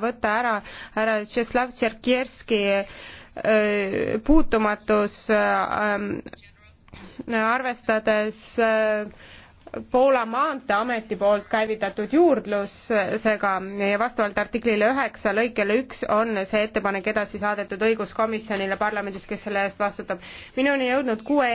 võtta ära härra Tšeslav Tšerkierski äh, puutumatus, äh, ähm, arvestades äh, Poola Maanteeameti poolt käivitatud juurdlusega ja vastavalt artiklile üheksa lõikele üks on see ettepanek edasi saadetud õiguskomisjonile parlamendis, kes selle eest vastutab. minuni jõudnud kuue